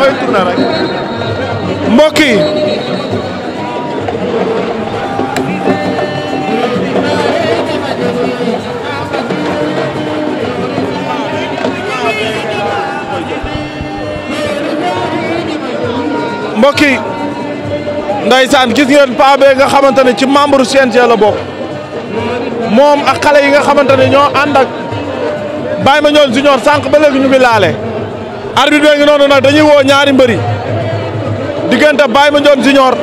mbokk yi mbokk yi ndeysaan gis ngeen paa bee nga xamante ne ci membre CNG la bokk moom ak xale yi nga xamante ne ñoo ànd ak Baye Mandione Junior sànq ba léegi ñu ngi arbitre bi ngi noonu nag dañuy woo ñaari mbëri diggante Baye Mandione Junior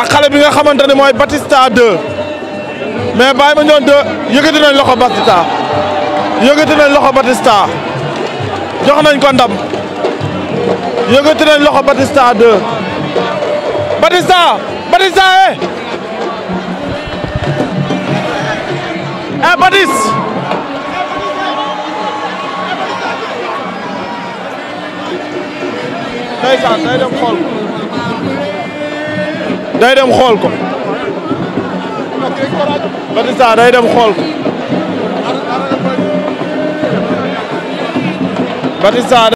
a xale bi nga xamante ne mooy Batista 2 mais Baye Mandione 2 yëkkati nañ loxo Batista yëkkati nañ loxo Batista jox nañ ko ndam yëkkati nañ loxo Batista 2 Batista Batista eh ndeysaan day dem xool ko. day dem xool ko. Batista day dem xool ko. Batista.